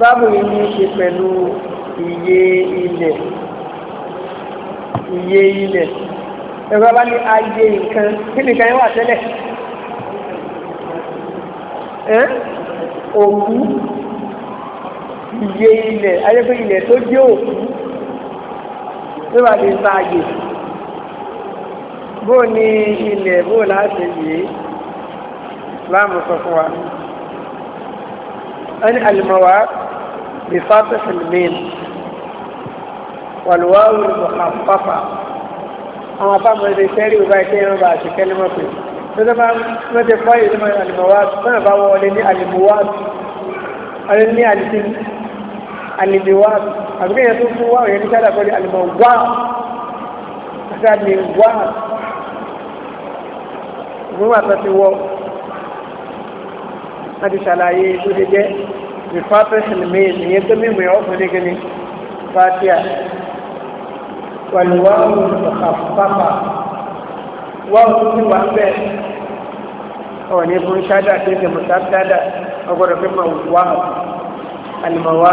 báàbù yìí ní í ṣe pẹ̀lú iye ilẹ̀ iye ilẹ̀ ẹ̀rọ bá ní ayé nǹkan kí nìkan yẹn wà tẹ́lẹ̀ òkú iye ilẹ̀ ayẹ́pẹ́ ilẹ̀ tó jẹ́ òkú ló bá fi bá ayé bó ní ilẹ̀ bó láti yìí láàmú sọ fún wa ẹni àlùmọ̀wá بفتح الميم والواو المخففة أما فهم الرسالة وبايتين وبايتين كلمة فيه tọ́jọ́bá mẹ́jẹ fáyé ní alìmọ̀wáàtì tọ́nà bá wọ́n lè ní alìmọ̀wáàtì alẹ́ ní alìsìn alìmọ̀wáàtì àbúkẹ́ yẹn tó fún wáwọ̀ yẹn ní sádà pẹ̀lú alìmọ̀wáàtì àti alìmọ̀wáàtì ìgbìmọ̀ àtọ́ ti wọ́ láti ṣàlàyé tó ṣe jẹ́ ìfáfẹ́ ìlmẹ́yìn ìyẹn tó mímọ̀ ẹ̀ ọkùnrin gẹ́ni fatia wàlúwàhùn àfáfà wàhùn tí wà bẹ́ẹ̀ ọ̀ ní fún ṣáda tí ìṣẹ̀mù ṣáda ọgbọ́dọ̀ fẹ́ máa wà àlùmọ̀wà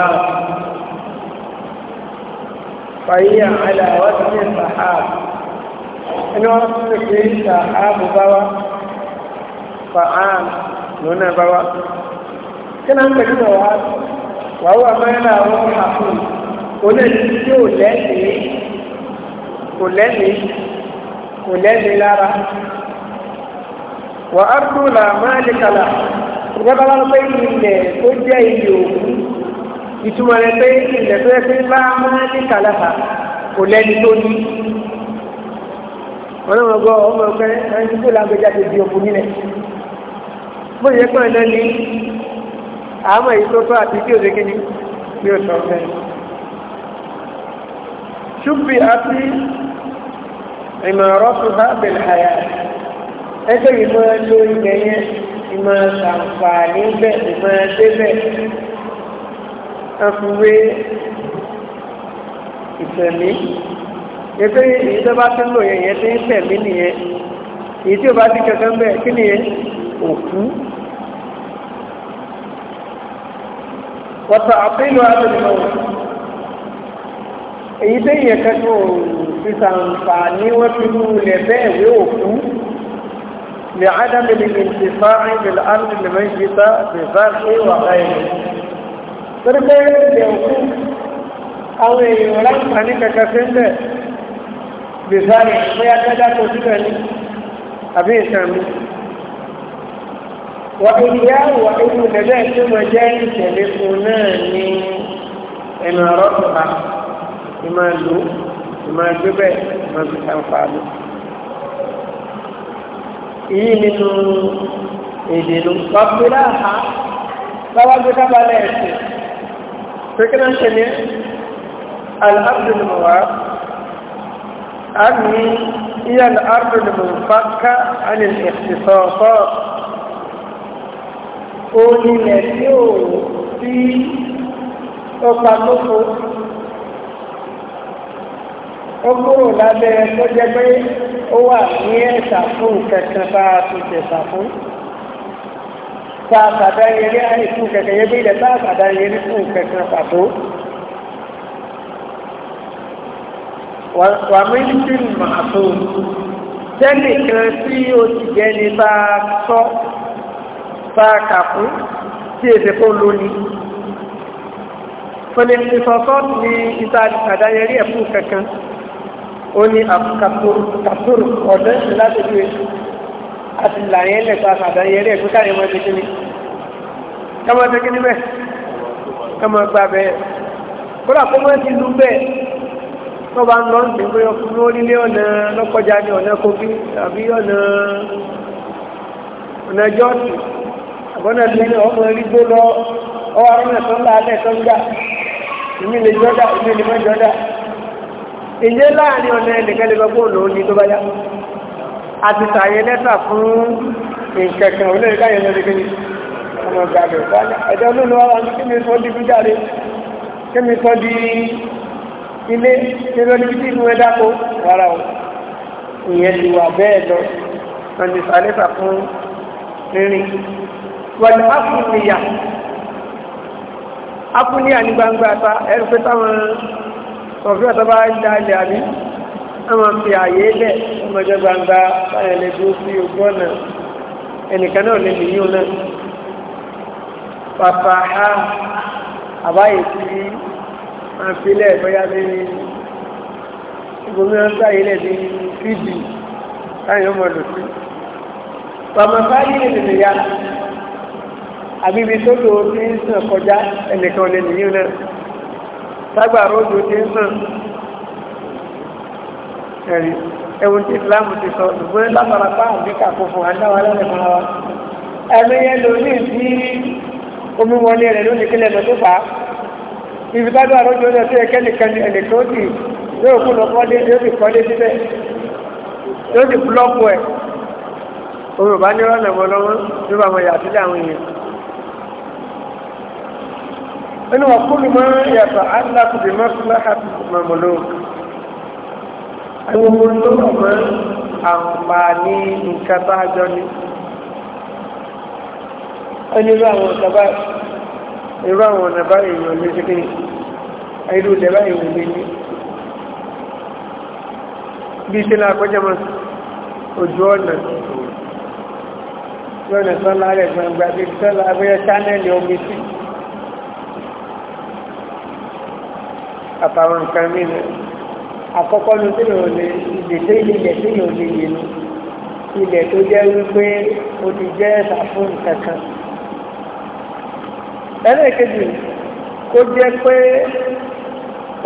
fàyíyà aláwọ̀ tí ní sàhàbù ẹni wọ́n tún lè pè é sàhàbù báwa fàhàn lónà báwa kí náà ń pè nínú wa wàá wà mẹ́rin àwọn àfún onídìí tí ò lẹ́nìí kò lẹ́nìí kò lẹ́nìí lára wà á dùn là máa lè kàlà ìjọba bá pé ilẹ̀ tó jẹ́ ilé òkú ìtumọ̀ rẹ̀ pé ilẹ̀ tó yẹ pé bá máa lè kàlà kò lẹ́ni tó ní ọlọ́run ọgọ́ ọmọ ọgbẹ́ ẹni tó lágbèjà di òkú nílẹ̀ bó ṣe pẹ́ lẹ́ni àmọ́ èyí tó tọ́ àti tí ò lé kí ni bí ó sọ fẹ́ ṣùgbì àti ìmọ̀ràn tó bá bẹ̀rẹ̀ àyà ẹgbẹ́ ìmọ̀ lo ilẹ̀ yẹn ìmọ̀ àǹfààní bẹ̀ ìmọ̀ débẹ̀ ẹfúwé ìtẹ̀mí ẹgbẹ́ ìjọba tó lò yẹn yẹn ti ń tẹ̀mí وتعطيل هذا الموضوع إذا يكتو في سنفاني وكنو لبيه لعدم الانتفاع بالأرض المجدة بفرح وغيره تربيه لوكو أو يولد فنك كسند بفرح ويأكدا كسند أبيه سامي wà ìyá wà inú lẹ́lẹ́ tí mo jẹ́ ìṣẹ̀lẹ̀ fún náà ní ẹnu ọ̀rọ̀ tó bá ìmọ̀ lò ìmọ̀ gbébẹ̀ ìmọ̀ fi sàǹfààní. Èyí nínú èdè ló wà pé láàá báwá gbé dábàlẹ̀ ẹ̀sìn. Pékin ń ṣẹlẹ̀ alhamdulillah a ní iyal ardul munfaka anil ikhtisasat onílẹ̀ tí ò sí ọpa lóko ó kúrò lábẹ́ tó jẹ́ pé ó wà ní ẹ̀sà fún kẹ̀kẹ́ bá a ti tẹ̀sà fún tá a sàdá yẹrí àìsùn kẹ̀kẹ́ yẹ bí ilẹ̀ tá a sàdá yẹrí fún kẹ̀kẹ́ pàtó. wàmíńtì màtó tí ó ti jẹ́ ní bá a sọ bá a kà fún tí èsè fún lónìí fúnni ìsọ̀sọ́ ní ìta àdáyẹrí ẹ̀fú kankan ó ní àkàtúrù ọ̀dọ́ láti fi àti làyẹn lẹ́gbà àdáyẹrí ẹ̀fú káyọ̀ mọ́ ẹgbẹ́ kíní kọ́mọ́ ẹgbẹ́ kíní bẹ́ẹ̀ kọ́mọ́ gbà bẹ́ẹ̀ kódà kó mọ́ ti lú bẹ́ẹ̀ tó bá ń lọ sí pé ọkùnrin onílé ọ̀nà lọ́kọjá ní ọ̀nà kogi tàbí ọ̀nà ọ̀nà jọ́ọ̀tì bọ́nà lẹ́nu ọmọ erigbó lọ ọwọ́ arọ́nà tó ń la alẹ́ tó ń gbà èmi lè jọ́dá èmi lè má jọ́dá ìyẹn láàrin ọ̀nà ẹnìkan lè gbọ́ òun ní tó bá yá àti tààyè lẹ́tà fún ìkẹ̀kẹ̀ olóyè káyọ̀ lọ́dẹ kí ni ọmọ ọgbà di fújáde kí mi sọ di ilé kí ló ní bí ìlú ẹ dáko rárá o ìyẹn ti wà bẹ́ẹ̀ lọ wàlẹ̀ afúnìyà afúnìyà ní gbangba ta ẹ̀rù pé táwọn ọ̀fíwà tó bá dá ilẹ̀ àbí wọ́n fi àyè lẹ̀ ọmọdé gbangba báyẹ̀ lè dúró sí ojú ọ̀nà ẹnìkan náà lè nìyí náà pàpà á àbáyé tí wọ́n fi lẹ̀ bóyá lè ìgbòmíràn sáyé lẹ̀ bí fíjì táyọ̀ mọ̀ lòsí pàmò sáyé lè nìyá àbíbi tó tó ti ń sàn kọjá ẹnìkan lè nìyí náà tágbàrá òjò ti ń sàn ẹ̀rí ẹ̀wọ̀n tí ìsìláàmù ti sọ ṣùgbọ́n látara pa àbíkà fòfò àdáwà lẹ́nu fún wa ẹ̀mí yẹn ló ní ìdí omi wọlé rẹ̀ lónìí kílẹ̀ lọ tó fà á ibi tágbàrá òjò náà tó yẹ kẹ́nìkan ní ẹnìkan ó ti yóò kú lọ kọ́lé yóò ti kọ́lé síbẹ̀ yóò ti búlọ́ọ̀kù ẹ̀ òun ò bá ní nínú ọkùnrin mọ́ yàtọ̀ aláàkùnbí mọ́sílá àti mọ̀mọ́lò àwọn ohun tó wà mọ́ àǹfààní nǹkan tá a jọ ní onírú àwọn ọ̀tọ̀bá irú àwọn ọ̀nàbá èèyàn ló ṣe kíni irú ìdẹ̀bá èèyàn lè ní bí ṣe náà kọjá mọ́ ojú ọ̀nà tí ọ̀nà sọ́nà rẹ̀ gbangba bí sọ́nà abẹ́yẹ chánẹ́lì omi sí àtàwọn nǹkan mìíràn àkọ́kọ́ ní tí yóò lè ilẹ̀ tó ilẹ̀ tí yóò lè yé nu ilẹ̀ tó jẹ́ wípé o ti jẹ́ ẹ̀sà fún nǹkan kan ẹlẹ́ẹ̀kejì kó jẹ́ pé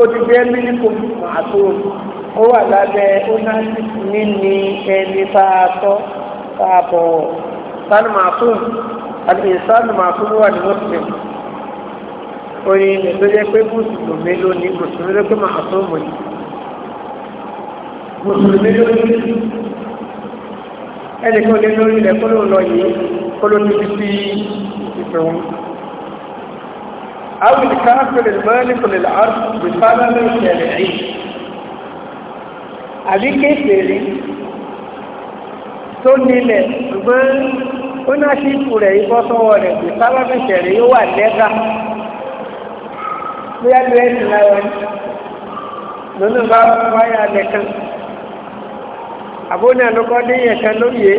ó ti jẹ́ mílíkù àtúrò ó wà lábẹ́ onásì níní ẹni tá a tọ́ tá a bọ̀ sálùmọ̀ àti ìsálùmọ̀ wà ní mọ́tìlẹ̀mù orin ilẹ̀ tó jẹ́ pé mùsùlùmí ló ní mùsùlùmí ló pé màá tó mọ̀ ní mùsùlùmí ló ní ẹni kó lé lórí ilẹ̀ kó ló lọ yìí kó ló níbi sí ìfẹ̀wọ̀n أو الكافر المالك للعرض بطلب شرعي àbí kéfèrè tó nílẹ̀ bóyá lu ẹ̀sì lára ni lónà bá wáyà alẹ̀ kan àbóni àlọ́kọ́ déyìn ẹ̀kan lóye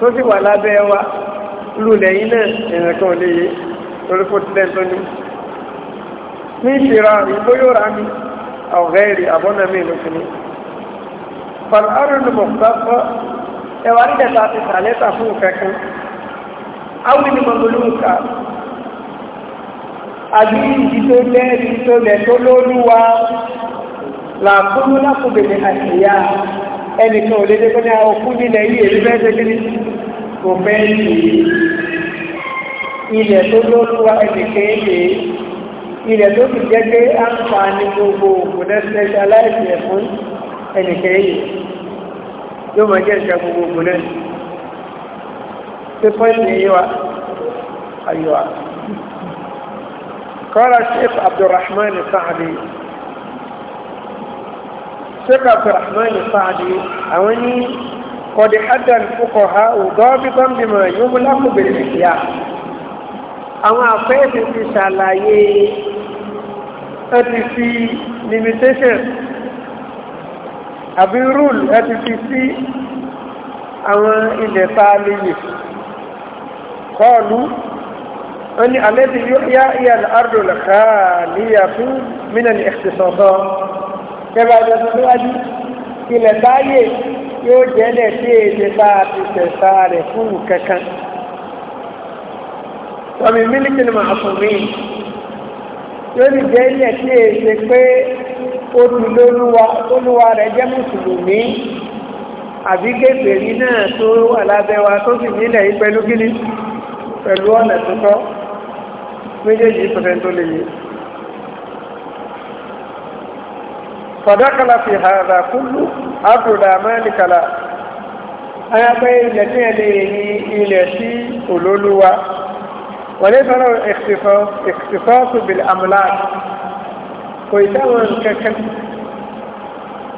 tó sì wà lábẹ́ wa lulẹ̀ yìí náà ẹ̀rẹ̀ kan léye lórí fòtílẹ̀ tó ní ní ìṣèrà ìgbóyòrà mi ọ̀gẹ́rì àbọ́nà mi ló fi ní fàlárùn mọ̀kútàfọ́ ẹwà nígbàtà ti sàlẹ́ta fún kankan awìn mọ̀mọ́lúkà àbí ìdí tó lẹ́rí tó lẹ̀ tó lóluwa làkúrú lákòbèlè àṣìyá ẹnìkan ò lédè kó ní ọkú nílẹ̀ yìí èrí bẹ́ẹ̀ tó kiri kò fẹ́ ní ilẹ̀ tó lóluwa ẹnìkan èdè ilẹ̀ tó ti jẹ́ pé àǹfààní gbogbo òkúnẹ́ specialize ẹ̀ fún ẹnìkan èdè yóò máa jẹ́ ìṣẹ́ gbogbo òkúnẹ́ tó fọ́ ìṣẹ́ yíwa ayọ̀wà. قال الشيخ عبد الرحمن السعدي الشيخ عبد الرحمن السعدي أوني قد حد الفقهاء ضابطا بما يملك بالإحياء أما afẹ́ẹ̀sì في ṣàlàyé ẹti fi limitation àbí rule ẹti fi sí àwọn ilẹ̀ tààlìyè kọlu wọ́n ní alẹ́bí yóò yá ìyá àrùn lọ́kà níyà fún mínà ní ẹ̀sìsọ̀tọ̀ kẹfà ìjọsọ níwájú ilẹ̀ báyè yóò jẹ́lẹ̀ tí èdè bá a ti tẹ̀sà rẹ̀ fún kankan wàmí mílíkì ni màá fún mi yóò ní jẹ́lẹ̀ tí èdè pé ó ti lóluwa olúwa rẹ̀ jẹ́ mùsùlùmí àbí kèfèrí náà tó wà tó sì nílẹ̀ yìí pẹ̀lú gíní pẹ̀lú ọ̀nà tó méjèèjì pẹ̀lẹ́ tó lè yé fàdákàlà fi hàdà kúlù àbùdá mẹ́lìkàlà ayapẹ́ ilẹ̀ tí ẹ lè ní ilẹ̀ sí olóluwa wọlé sọ́rọ̀ ìkìtìfọ́sù bìlì àmúlá kò ìdáwọn kẹ́kẹ́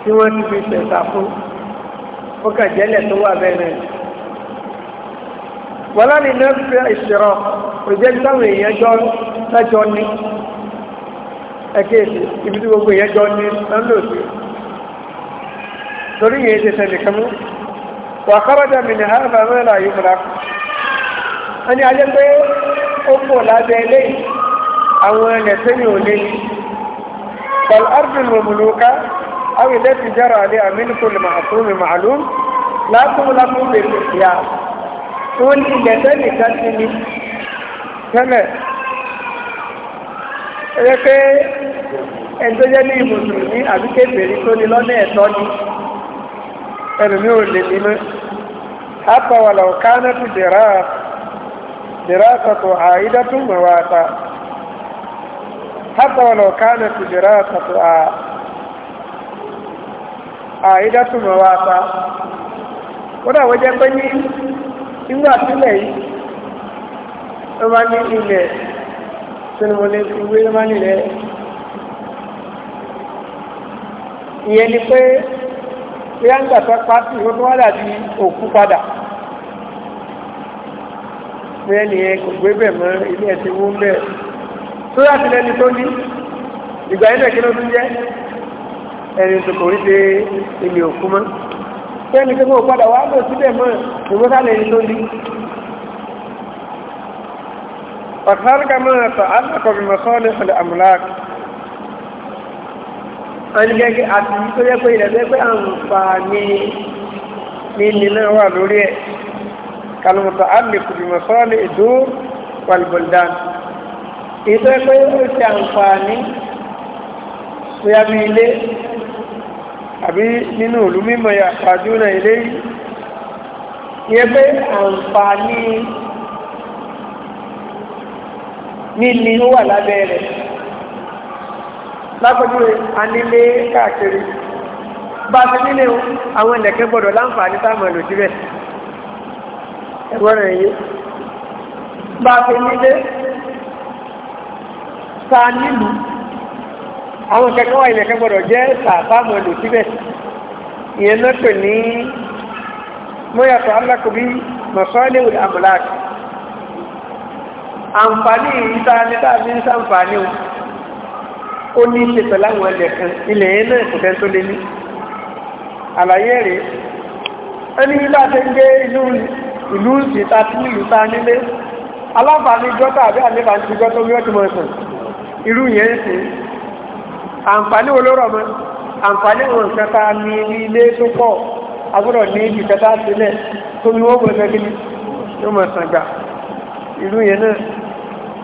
tí wọ́n ti fi ṣẹ̀ṣà fún ó jẹ́lẹ̀ tó wà bẹ́ẹ̀ náà wọ́lá ni nẹ́fẹ́ ìṣirọ́ kò jẹ́ táwọn èèyàn jọ mẹ́jọ ní ẹ̀kẹ́ẹ̀sì ibi tí gbogbo èèyàn jọ ní lọ́lọ́sí torí yẹn ṣe sẹ́lẹ̀ kanú wà kọ́rọ́jà mi ní hàrùfà mẹ́rin àyè múra wọ́n ní ajẹ́ pé ó pọ̀ lábẹ́ eléyìí àwọn ẹ̀lẹ̀ sẹ́yìn ò lé ilẹ̀ sẹ́yìn kan ti ní tẹ́lẹ̀ ẹgbẹ́ pé ẹjọ́ jẹ́ ní mùsùlùmí àbí kébèrè tó ní lọ́nà ẹ̀tọ́ ni ẹlòmí ò lè ní mọ́ apàwàlà ọ̀kánà tó dẹ̀rà dẹ̀rà sọ̀tọ̀ àìdá tó mọ̀ wá ta apàwàlà ọ̀kánà tó dẹ̀rà sọ̀tọ̀ àìdá tó mọ̀ wá ta kódà wọ́n jẹ́ pé ní inú àtúnlẹ̀ yìí tó bá ní ilẹ̀ sínú wọlé ti wé ló ìyẹn ni pé bí a ń gbàtọ́ pàtì ó tó wá dàbí òkú padà bẹ́ẹ̀ nìyẹn kò gbé bẹ̀ mọ́ ilé ẹ̀ ti bẹ̀ tó yà sílẹ̀ ni tó ní ìgbà yẹn bẹ̀ kí ló tún jẹ́ ẹni tó kò rí dé ilé òkú mọ́ bẹ́ẹ̀ ni pé mo padà wá bọ̀ síbẹ̀ mọ́ ìwé sálẹ̀ ni tó ní. فقد خرج ما يتعلق بمصالح الأملاك àníkẹ́kẹ́ àti tó yẹ pé ìrẹ̀lẹ́ pé àǹfààní níní náà wà lórí ẹ̀ kalmata alìkù bí masọ́lì ìdó walboldan ìtọ́ pé ó ti àǹfààní tó yá bí ilé àbí nílì ó wà lábẹ́ rẹ̀ lápẹ́júwe anílé káàkiri bá ti nílé àwọn ẹlẹ́kẹ́ gbọ́dọ̀ láǹfààní táwọn èlò síbẹ̀ ẹ̀gbọ́n rẹ̀ yé bá ti nílé ta nílù àwọn kẹ́kẹ́ wà ilẹ̀kẹ́ gbọ́dọ̀ jẹ́ tààtàmọ̀ èlò síbẹ̀ ìyẹn náà pè ní mọ́yàtọ̀ alákòbí mọ̀sọ́lẹ́wò àmàlàkì àǹfààní ìta ní tàbí ń sàǹfààní o ó ní ṣe pẹ̀lú àwọn ẹlẹ̀ kan ilẹ̀ yẹn náà kò fẹ́ tó lé ní àlàyé rẹ̀ ẹni bá ṣe ń gbé inú ìlú ìta tí ìlú ta nílé aláǹfààní jọ́tà àbí àlefààní jọ́tà orí ọ̀tí mọ̀ọ́sàn irú yẹn ń ṣe àǹfààní olóró ọmọ àǹfààní wọn kẹta ní ilé tó pọ̀ agbọ́dọ̀ ní ibi kẹta sílẹ̀ tó ní wọ́n mọ̀ ẹgbẹ́ kí ni yóò mọ̀ sàn gbà irú yẹn náà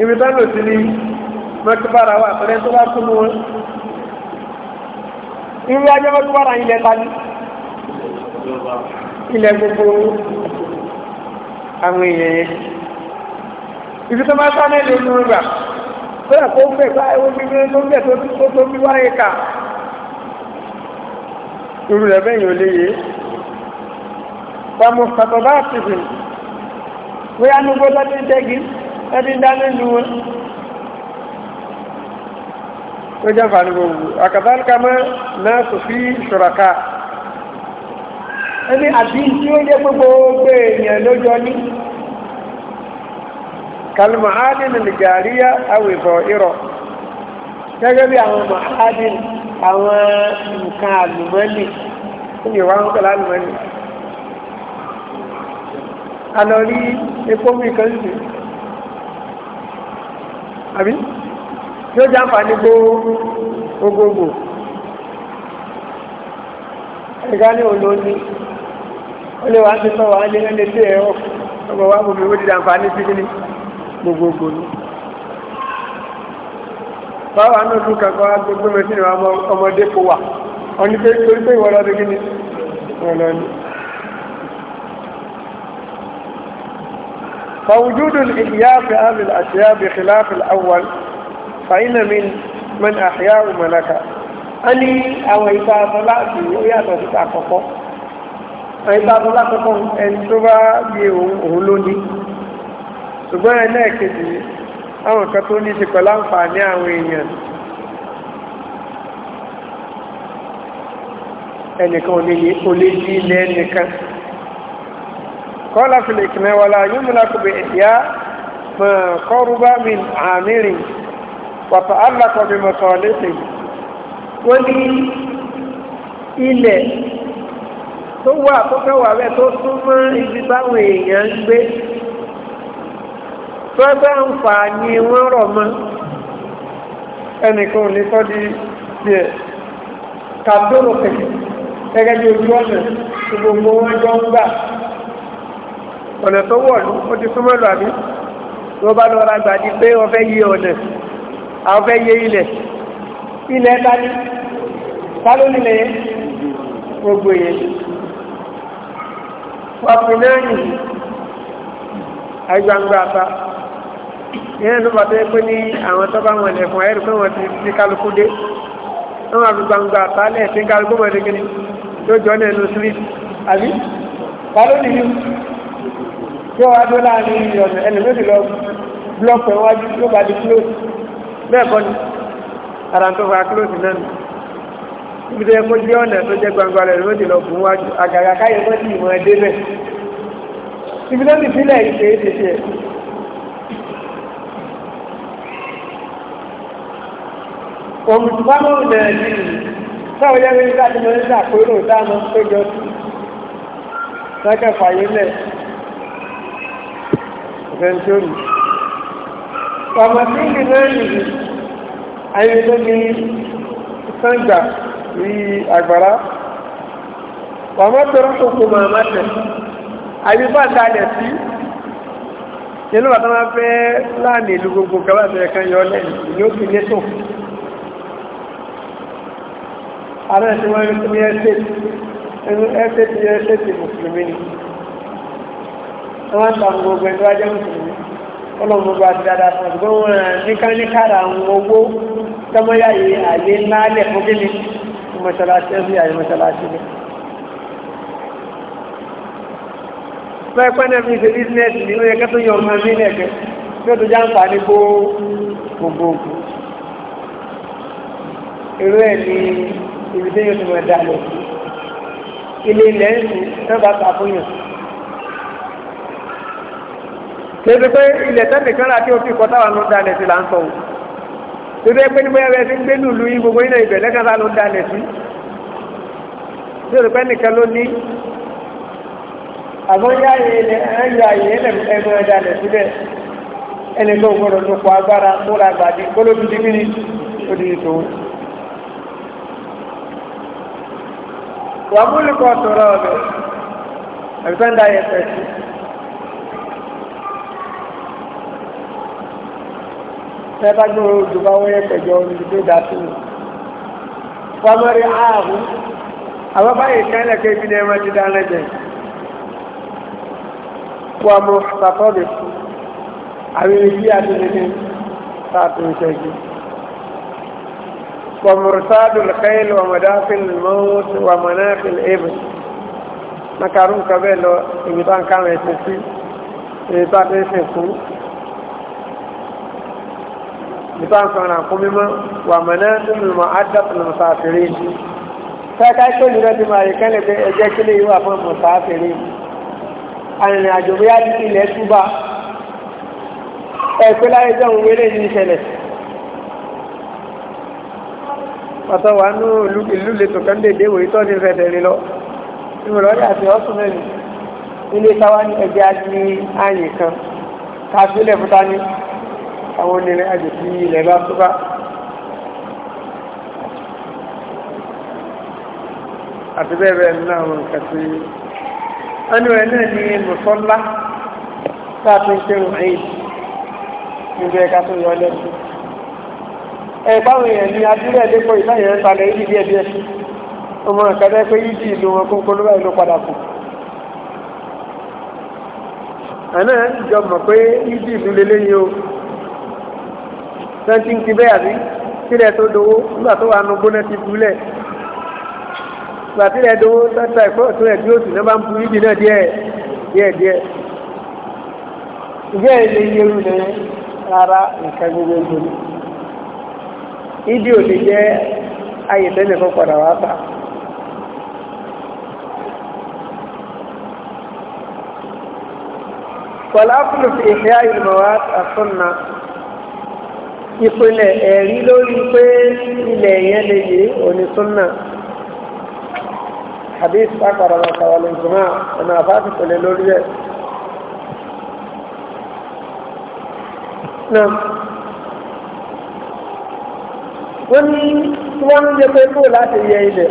ibi tó lò sí ní mẹ́kúbára wà pẹ̀lẹ́ tó bá kú mú wọn irú ajé mẹ́kúbára ilẹ̀ ta ní ilẹ̀ gbogbo àwọn èèyàn yẹn ibi tó máa sáré lè mú gbà tó yà kó fẹ́ bá ewu bí tó ń bẹ̀ tó tó bí wáyé kà irú rẹ̀ bẹ́ẹ̀ yóò léye wàmú fàtọ̀ bá ti sìn bóyá ní gbọ́dọ̀ tó ń tẹ́gi ẹni dáná lu wọn ó jẹ́ fàánù gbogbo àkàtàlùkà mọ́ náà kò fi ṣùràká ẹni àbí tí ó jẹ́ gbogbo gbé èèyàn lójọ ní kalmaadin nìgàríyà àwìbọ̀ ìrọ̀ gẹ́gẹ́ bí àwọn maadin àwọn nǹkan àlùmọ́nì ní ìwà ń pẹ̀lú àlùmọ́nì a lọ rí epo mi kan sí àbí yóò jẹ́ àǹfààní gbogbogbò ẹ̀gá ní olóòní ó lè wá ti sọ́wọ́ á lé ẹni tí ẹ̀rọ ọmọ wa gbogbo ó ti dà àǹfààní sí kí ni gbogbogbò ni báwa náà tún kankan gbogbo mẹ́sìn ọmọdé kò wà ọ ní pé torí pé ìwọ́n lọ́dún kí ni wọ́n فوجود الإحياء في هذه الأشياء بخلاف الأول فإن من من أحياء ملكا أني أو إذا صلاتي ويا تصدق أقوى ẹ̀ta alákọ̀ọ́kọ́ ẹni tó bá gbé òun lóní ṣùgbọ́n ẹlẹ́ẹ̀kejì àwọn kan tó ní ṣe pẹ̀lú àǹfààní àwọn èèyàn ẹnìkan ò lè yí ilẹ̀ ẹnìkan قال في الإكماء ولا يملك بإحياء ما قرب من عامر وتعلق بمصالحه ولي إليه tó wà tó kẹwàá rẹ̀ tó súnmọ́ ibi táwọn èèyàn ń gbé tó ẹgbẹ́ ń fà ní wọ́n rọ̀ mọ́ ẹnìkan lè sọ́ di díẹ̀ tàbí òkè gẹ́gẹ́ bí ojú ọ̀nà tí gbogbo wọn jọ ń gbà ọ̀nà tó wọ̀lú ó ti súnmọ́ lọ àbí wọ́n bá lọ́ra di pé wọ́n fẹ́ yí ọ̀nà àwọn fẹ́ yé ilẹ̀ ilẹ̀ dání táló nílẹ̀ yẹn gbogbo yẹn wà fún náà yìí àgbàǹgbà àbá yẹn ló bàtọ́ yẹ pé ní àwọn tó bá wọn ẹ̀fọn ẹ̀rù pé wọ́n ti ti kálukú dé wọ́n wà fún gbàǹgbà àbá lẹ̀ tí kálukú wọn lé kiri tó jọ náà lọ sílẹ̀ àbí táló nílẹ̀ tí wọ́n wá dó láàrin ìyọ̀nà ẹlòmíràn lọ blọ́ọ̀kù ẹ̀wájú tó bá di close bẹ́ẹ̀ kọ́ ni ara tó fa close náà nù ibi tó yẹ kó jẹ́ ọ̀nà tó jẹ́ gbangba rẹ̀ ló ti lọ fún wájú àgàgà káyé mọ́ sí ìmọ̀ ẹdẹ bẹ́ẹ̀ ibi tó ti sílẹ̀ yìí ṣe é ṣe ṣe ẹ̀. olùpamọ́ náà ní sáwọn yẹn ní láti mọ nígbà pé lóòótọ́ àmọ́ tó jọ sí lọ́kẹ́ fàyè lẹ̀ sẹ́ńtórì pàmàtíìlì náà nìyí ayẹyẹ ní sàngbà rí àgbàrá pàmàtọ́rọ́ kòkò màmá tẹ̀ àyíká dalẹ̀ sí nínú bàtà máa fẹ́ láàrin ìlú gbogbo kẹwàtẹ̀ kan yọ lẹ́yìn ìlú òfin létò ààrẹ tí wọ́n rí sí ní ẹ́sẹ̀tì ẹ́sẹ̀tì mùsùlùmí ni wọ́n ta gbogbo ẹ̀tọ́ ajé mùsùlùmí ọlọ́run gbogbo àti dáadáa fún ọ̀gbọ́n wọn níká níkàrà àwọn owó tọ́mọ́yà yìí àyè ńlá lẹ̀ fún kí ni mọ́ṣáláṣí ẹ̀sìn àyè mọ́ṣáláṣí lẹ̀. lọ ẹ̀pẹ́ náà fi ṣe bísínẹ́sì ní oyè kẹ́tọ́ yọ ọmọ mi lẹ́gbẹ́ tí ó tó jáǹfà ní gbogbo irú ẹ̀ ní ibi tí yóò ti mọ̀ ẹ̀dá ilé ilẹ̀ ń sùn náà kéde pé ilẹ̀ tẹ́nìkan rà tí o fi kọ́tà wà ló ń dalẹ̀ sí là ń sọ o kéde pé ní bóyá bẹ́ẹ̀ ti ń gbé lùlù yín gbogbo yín náà ibẹ̀ lẹ́kàn sá ló ń dalẹ̀ sí tí o rò pé nìkan ló ní àmọ́ yá ilẹ̀ ẹ̀yà ilẹ̀ ẹ̀mọ ẹ̀dá ẹni tó gbọ́dọ̀ tó kọ agbára ẹ̀fẹ́ ń da yẹ pẹ̀sì. ẹ bá gbé ojú bá wọ́n yẹ pẹ̀jọ olùdíje dàtú mi. Fọ́mọ́rí ààbò àwọn báyìí kẹ́lẹ̀ kí ibi ní ẹ máa ti dáná jẹ. Wà mọ̀ sàtọ́dẹ̀ fún àwọn èyí àti nínú sáàtò ìṣẹ́jú. ومرصاد الخيل ومدافع الموت ومناخ الإبل مكارون كبيلو إبطان كامل يتسي إبطان يتسي nípa nǹkan àkó mímọ́ wà mọ̀nà nínú mọ̀ ádàpọ̀ mùsàfìrí káká tó lùrọ̀ ti máa rí kẹ́lẹ̀ pé ẹjẹ́ kílé yìí wà fún mùsàfìrí arìnrìn àjò bóyá ní ilẹ̀ túbà ẹ̀pẹ́ láyé jẹ́ òun wéré ní ìṣẹ̀lẹ̀ ọ̀tọ̀ wà ní ìlú to kan dédé wòye tó ní fẹ́ tẹ̀lé lọ ìmọ̀lọ́dẹ àti ọ̀sùn mẹ́rin ilé táwa ní ẹgbẹ́ á ní àyè kan ká sílẹ̀ fúta ní àwọn onírìn àjò sí ilẹ̀ bá tó bá àti bẹ́ẹ̀ bẹ́ẹ̀ nínú àwọn nǹkan tí ẹnu ẹ̀ náà ní mùsọ́lá tá a ti ń kírun ẹ̀yìn níbi ẹ̀ka tó yọ lẹ́nu ẹ̀ báwọn èèyàn ní abúlé lẹ́kọ̀ọ́ ìbáyẹn ń palẹ̀ yìí díẹ̀ díẹ̀ ọmọ nǹkan tẹ́ pé tẹ́ntì ń ti bẹ́ẹ̀ àbí tílẹ̀ tó dowó nígbà tó wà nù gbóná ti bulẹ̀ nígbà tílẹ̀ dowó tẹ́tà ìfọ́ tó rẹ̀ dúró sí náà bá ń bu ìdí náà díẹ̀ díẹ̀ díẹ̀ ìgbẹ́ ilé yẹrù ní rárá nǹkan gbogbo ń borí ìdí ò lè jẹ́ ayè tẹ́lẹ̀ fún padà wá bá. wàlá fúlùfì ìṣẹ́ àyùmọ̀wá àtúnnà ìpìlẹ̀ ẹ̀rí lórí pé ilẹ̀ yẹn lè yé òní súnà hadith pàkàrà màkàwà lè jùmọ̀ ọ̀nà àbáfi pẹ̀lẹ̀ lórí ẹ̀. náà wọ́n ní tí wọ́n ń jẹ pé kó láti yẹ ilẹ̀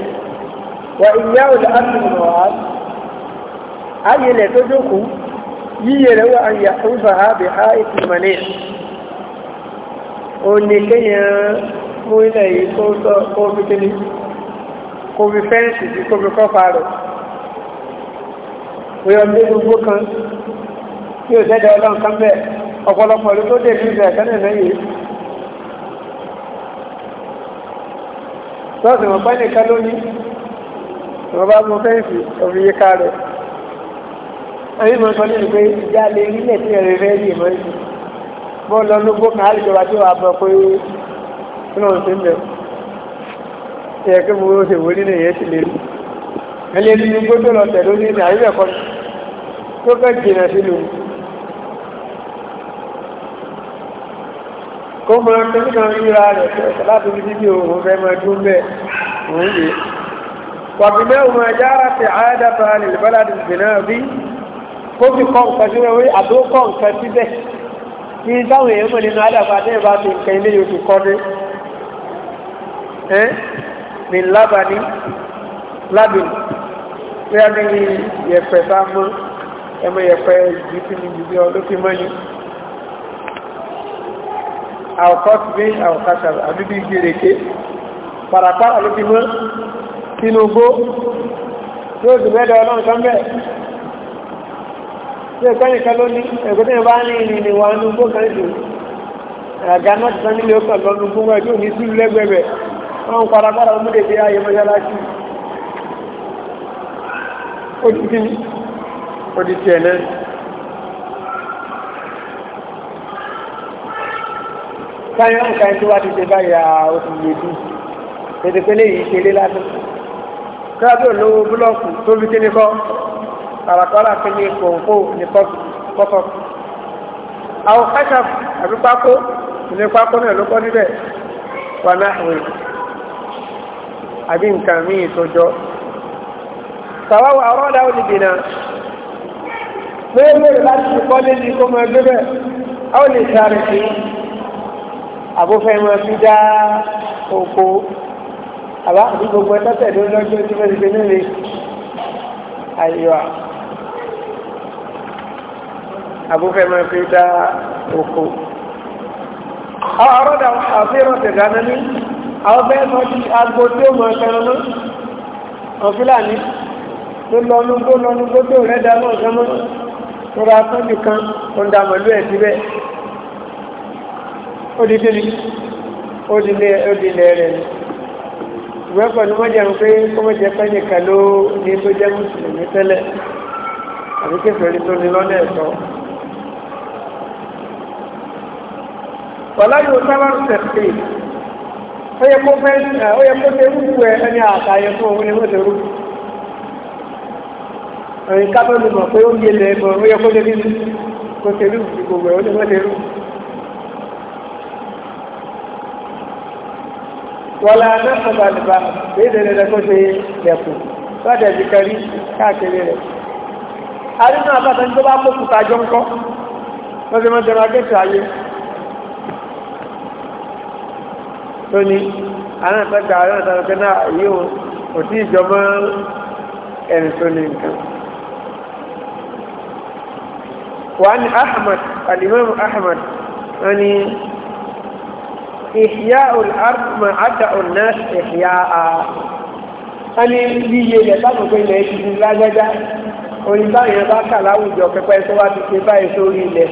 wà ìyá òde áfíríkì nà wà á yẹlẹ̀ tó jókòó yíyẹ rẹ̀ wà á yà ń fà á bẹ̀ á ìfìmọ̀ ní ẹ̀. òní kéèyàn mú ilẹ̀ yìí kó fi kéde kó fi fẹ́ǹsì sí kó fi kọ́fà rẹ̀ bóyá ọdún gbogbo kan tí ò dẹ́dẹ̀ ọlọ́run kan bẹ́ẹ̀ ọ̀pọ̀lọpọ̀ ló tó dé ní ibẹ̀ tẹ́lẹ̀ lẹ́yìn lọ́sì wọn pẹ́ nìkan lóní wọn bá mú fẹ́ǹsì òfin yíká rẹ̀ ẹ̀yìn mọ̀ sọ nínú pé ìjà lè rí lẹ̀ ẹ̀rẹ̀ rẹ̀ yìí mọ́ ìsìn bọ́ọ̀lù ọlọ́gbó kan á lè jọba tí wàá bọ̀ pé kí lóun ṣe ń bẹ̀. ṣe é kí mo ṣe wò nínú ìyẹn sì lè rí. ẹ lè rí ní gbọ́dọ̀ lọ tẹ̀ lórí ní àyè ẹ̀kọ́ tó fẹ́ jìnà sí lòun. kó mọ ẹni kan ríra rẹ̀ tẹ̀ láti fi dídí òun fẹ́ máa dún bẹ́ẹ̀ òun lè. wàbílẹ̀ òun ẹja ara ti àádọ́ta lè bá láti gbìnà bí kó fi kọ́ nǹkan síbẹ̀ wí àdó kọ́ nǹkan síbẹ̀ kí táwọn èèyàn mọ̀ nínú àdàpá tẹ́yìn bá fi nǹkan ilé oṣù kọ́dé ẹ́ ní lábàání lábìn bóyá ní yẹ̀pẹ̀ bá mọ́ ẹmọ yẹ̀pẹ̀ ìdí tí mi jùlọ olófin mọ́ ni àwòkọ́sí bí àwòkásà àbí bí gbèrèké pàràpàrà ló fi mọ́ sínú gbó yóò sì mẹ́dọ̀ ọlọ́run kan tí ẹ̀kọ́ nìkan ló ní ẹ̀kọ́ tí ẹ̀ bá ní ìrìn ìwà inú gbó kan jù àga náà ti sanilé ó kàn lọ́nu gbó wọn tí ò ní sílù lẹ́gbẹ̀ẹ́ wọn parapara wọn múdèdè ayé mọ́ṣáláṣí ó ti kí ó ti tiẹ̀ náà káyọ̀ nǹkan tí wá ti ṣe báyà oṣù yèdú tètè pé léyìí ṣe lé lásán káàbí olówó búlọ́ọ̀kù tó fi kí ni kọ́ kàràkàrà kele kòǹkò ní kọ́kọ́ àwọn kashaf àbí pákó ní pákó náà ló kọ́ níbẹ̀ wà náà wèé àbí nǹkan míì tó jọ sàwáwà ọ̀rọ̀dá ó nìbì náà mẹ́rẹ̀mẹ́rẹ̀ láti fi kọ́lé ní kó máa gbé oko àbá àbí gbogbo ẹ̀tọ́tẹ̀ ló lọ́jọ́ tí wọ́n ti fi nílé àyíwá abúfẹ́ máa fi dá oko àwọn arọ́dà àfihàn tẹ̀dá náà àwọn bẹ́ẹ̀ mọ́ di agbo tí ó mọ̀ ẹ̀kẹ́rọ náà wọ́n fílàní tó lọ́nu tó lọ́nu tó tó rẹ̀ dá náà sọ́mọ́ tó ra sọ́ọ̀dì kan ó ń da mọ̀lú ẹ̀ síbẹ̀ ó di kí ni ó di lẹ́ rẹ̀ ni ìwé pẹ̀lú pé kó mọ́jẹ pẹ́ nìkan ló ní tó jẹ́ mùsùlùmí tẹ́lẹ̀ àbí kéfèrè tó ní lọ́nà ẹ̀tọ́ wàlá yóò sábà ń tẹ̀sí ó yẹ kó fẹ́ ó yẹ kó ṣe rúkú ẹ ẹni àtàyẹ fún òun ni wọ́n ṣe rúkú ẹ̀yìn kábọ́ọ̀lù mọ̀ pé ó yẹ lẹ̀ mọ̀ ó yẹ kó ṣe rúkú kó ṣe rúkú gbogbo ẹ̀ ó ní wọ́n ṣe rúkú. wọ́lá anáfọ̀bà nìbà léde lẹ́dẹ̀ kó ṣe lẹ̀kùn lọ́dẹ̀ ti kẹrí káàkiri rẹ̀. arínú àbátan kó kùtà jọ ń lọ́sẹ̀ mọ́tẹ́rọ akẹ́kọ̀ọ́ ayé tó ní aláǹtàkà aláǹtàkà náà yíò kò tí ìjọmọ́ ẹni tó ní nǹkan wà ní ahmad alimam ahmad wọ́n ni ìhìyà olùhàrùmà àtà ọ̀nà ìhìyà a wọ́n ni yíyẹ ilẹ̀ tábùkù ilẹ̀ ti di lágbẹ́dá orin báyìí bá kà láwùjọ pẹ́pẹ́ tó wá ti ṣe báyìí sórí ilẹ̀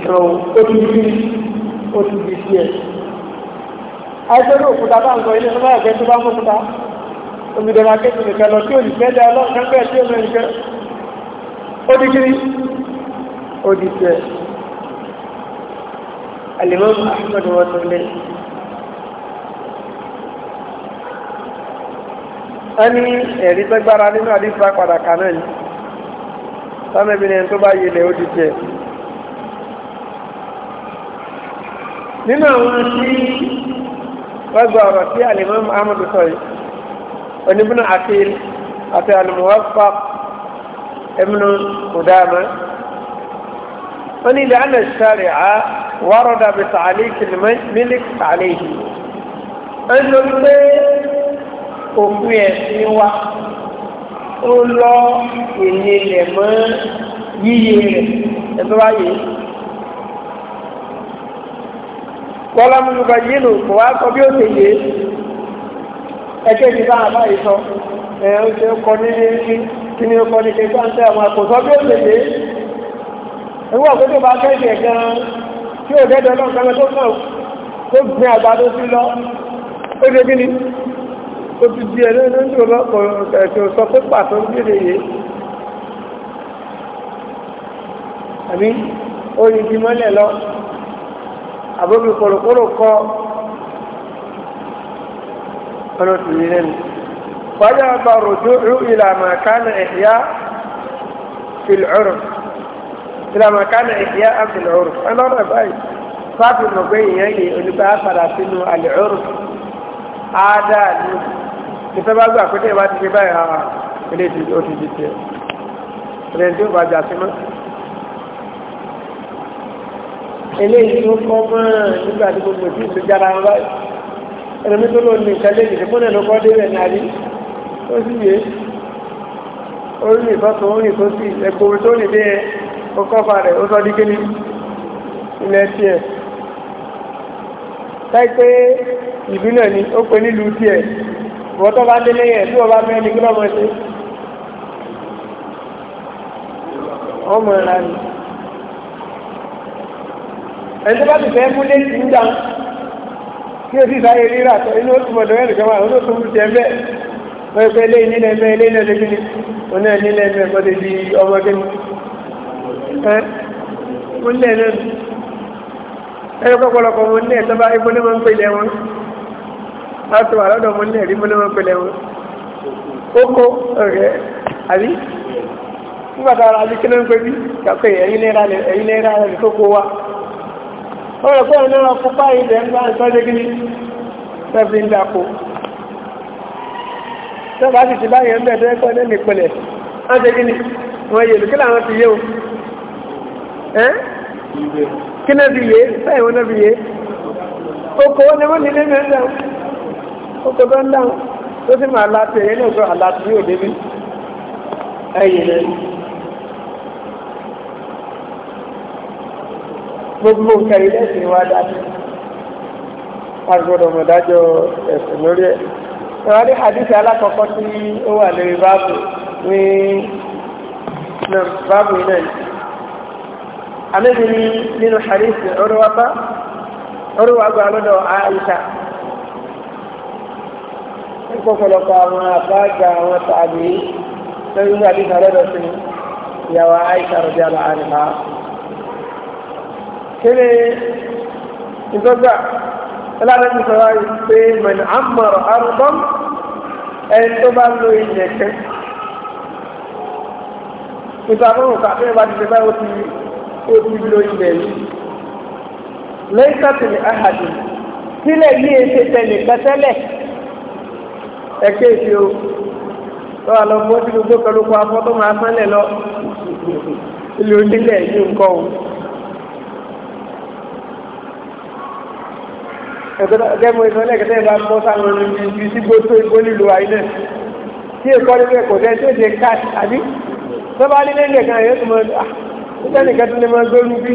kan àìsàn òkúta bá ń sọ ilé sọ́lá ẹ̀fẹ́ tó bá mú kúta omidọ̀rọ̀ akẹ́kọ̀ọ́ nìkan lọ tí ò ní fẹ́ dá ọlọ́ọ̀kan bẹ́ẹ̀ tí ó mẹ́rin kẹ́ ó di kiri ó di tiẹ̀ alimọ́ ahmed wọn tó lé a ní ẹ̀rí tẹ́gbára nínú àdífà padà kà nínú àwọn tí wọ́n gba ọ̀rọ̀ tí alimami ahmed sọ yìí oníbùnà akil àti alimuwafa ibnu kudama wọ́n ní ilẹ̀ anna shari'a wàrọ̀dà bi tàlíkì mílík tàlíkì wọ́n ló òfin ẹ̀sìn wa ó lọ ìnílẹ̀ mọ́ yíyé rẹ̀ ẹ̀dọ́ wáyé. kọ́lámù ló bá yé lò kó wá sọ bí ó ṣe yé ẹgbẹ́ mi báyìí báyìí sọ ẹ̀ ó ṣe kọ ní ní kí ni ó kọ ní kéka ń tẹ́ àwọn àkóso bí ó ṣe yé ìwọ pé tó bá kẹ́sì ẹ̀ gan-an tí ò dẹ́dọ̀ náà kan tó kàn tó gbin àgbàdo sí lọ ó ṣe kí ni ó ti di ẹ̀ lórí ní ìlọ́kọ̀ ẹ̀sìn sọ pé pàtó ń gbé àbí ó yin ti mọ́lẹ̀ lọ àbóbi kòròkòrò kọ ọ̀nà tìrì lẹ́nu fàyà bá rojú rú ìlànà kánà ẹ̀yà fìlọ́rùn ìlànà kánà ẹ̀yà fìlọ́rùn ọlọ́rọ̀ báyìí fáfi mọ̀ pé ìyẹn lè onígbà padà sínú àlẹ́rùn áádáa ní ìfẹ́ bá gbà pé tẹ́ báyìí àwọn ilé ìdíje ó ti di tiẹ̀ ilé ìdíje bá jà sí mọ́ eléyìí tó kọ́ mọ́ nígbà tí gbogbo tí ìṣe jára wọn báyìí ẹ̀rọ̀mí tó lò ní ìkẹ́lẹ́ ìdìbò fúnẹ̀ ló kọ́ débẹ̀ ní àrí ó sì yé orí ìfọ́tún orí tó sì ẹ̀kọ́ tó lè dé ọkọ̀ fà rẹ̀ ó sọ dí kíní ilẹ̀ tiẹ̀ táì pé ìbílẹ̀ ni ó pe nílùú tiẹ̀ wọ́n tó bá délé yẹn tí wọ́n bá fẹ́ ní kí lọ́mọ ṣe ọmọ ìlànà ẹni tó bá ti fẹ́ mú lé ń dà kí o sì sáyé rírà tọ́ inú ó túnbọ̀ lọ́wọ́ ẹnìkan wà ó tó ń tẹ́ bẹ́ẹ̀ wọ́n pẹ́ lé nílẹ̀ mẹ́ lé nílẹ̀ kíni wọ́n náà nílẹ̀ mẹ́ kọ́ ti di ọmọ kíni ẹ́ mú lẹ̀ náà ẹni kọ́kọ́lọ́kọ́ mú lẹ̀ tó bá ibo ní wọ́n ń pèlè wọn á tó àlọ́dọ̀ mú lẹ̀ rí mú ní wọ́n ń pèlè wọn ó kó ọ̀rẹ́ àbí nígbà tá a rà á bí kí ló ń pè bí kàpé ẹ̀yin lẹ́ra rẹ̀ tó kó wa ó rẹ̀ pẹ́ ìlera fúnpá ilẹ̀ ńlá ìtọ́jẹ́ gíní tẹ́fì ń dákó tẹ́bà sì ti báyẹ̀ ńbẹ̀ tó ẹ́kọ́ lẹ́nu ìpìlẹ̀ ọ́jẹ́ gíní wọ́n yè lù kí làwọn ti yé o kí náà fi yé bẹ́ẹ̀ wọ́n náà fi yé oko wọn ni wọ́n nílé mi ń dáhùn oko tó ń dáhùn tó sì máa láti ẹ̀yẹ́ náà sọ gbogbo kẹrin lẹ́sìn wa dájú agbọ́dọ̀ mọ̀dájọ́ ẹ̀sìn lórí ẹ̀ wọ́n rí hadith alákọ̀ọ́kọ́ tí ó wà lórí báàbù ní báàbù náà àmẹ́bí ní nínú hadith ọ̀rọ̀wápá ọ̀rọ̀wágbà lọ́dọ̀ àìsà ìpọ̀pọ̀lọpọ̀ àwọn àbáàgbà àwọn tàbí lórí hadith alọ́dọ̀ sí ìyàwó àìsà rọ̀bí àlọ́ kíni ìtọ́jà ẹlẹ́dẹ́ ti sọ̀rọ̀ yìí pé mẹ̀nà àmọ̀rọ̀ arúgbọ́n ẹni tó bá lo ilẹ̀ kẹ́ ìtàkùn òkà tó bá ti ṣe báyìí ó ti ó ti lo ilẹ̀ yìí lẹ́yìn sátìlì ahàdì sílẹ̀ yìí ṣe tẹ̀lé kẹtẹ́lẹ̀ ẹ̀kẹ́ ìfi o tó wà lọ bó ti gbogbo pẹ̀lú kó tó máa sánlẹ̀ lọ ilé onílẹ̀ yìí ń o. ẹgbẹ́mọ ìsọ́lẹ̀ kẹtẹ́ bá bọ́ sáwọn ibi tí gbótó igbó lílo àìlẹ̀ tí èkọ́ ní pé kò tẹ́ tí ó ṣe cash àbí tó bá nílé ilẹ̀ kan yóò tún mọ́ ah, ó tẹ́ nìkan tún lè mọ́ gbóru bí.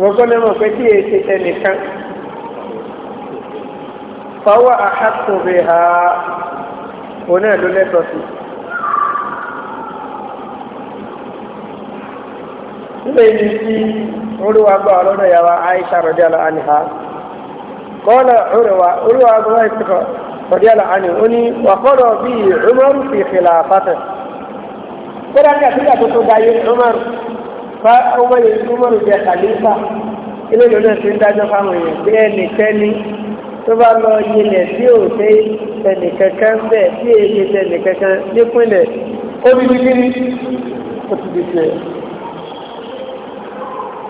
wọ́n kọ́ lẹ́mọ̀ pé tí èyí ṣe tẹ nìkan lẹ́yìn tí olúwa gbọ́ lọ́dọ̀ yàrá Aisha rọ̀díàlá àníhà kọ́lá olúwa olúwa gbọ́ Aisha rọ̀díàlá àníhà ó ní wàkọ́dọ̀ bíi Umar fi khilafatihi kódà ní àtúntà tó tó dáyé Umar fa Umar Umar jẹ kàlífà ilé ìlú náà ti ń dájọ́ fáwọn èèyàn bí ẹnikẹ́ni tó bá lọ yẹlẹ̀ tí ò fẹ́ ẹnìkankan bẹ́ẹ̀ tí èyí ẹnìkankan nípínlẹ̀ ó bí bí kiri ó ti di tiẹ̀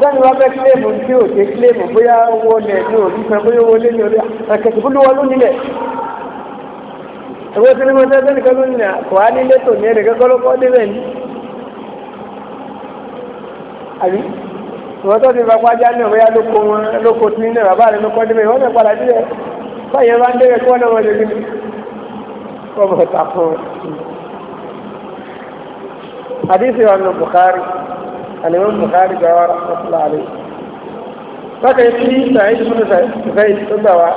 lẹ́nu wá fẹ́ kílèmù tí ò ṣe kílèmù bóyá owó lẹ̀ ní òbí fẹ́ bóyá owó lé ní orí àkẹ́kẹ́ fún lówó lónìí lẹ̀. ìwé sinimá tẹ́ sẹ́ni kan lónìí kò á nílé tò ní ẹnì kẹ́kọ́ lọ́kọ́ débẹ̀ ní. àbí ìwọ́n tó ti fapá já náà bóyá lóko wọn lóko tí ní bàbá rẹ̀ lóko débẹ̀ ìwọ́n fẹ́ padà sílẹ̀ báyẹn bá ń débẹ̀ kó náà wọ́n lè gbé kọ́ bọ̀ tà fún un. àdìsí ọ̀nà Bukhari. الإمام البخاري جوا رحمة الله عليه فكان في سعيد بن زيد تدعى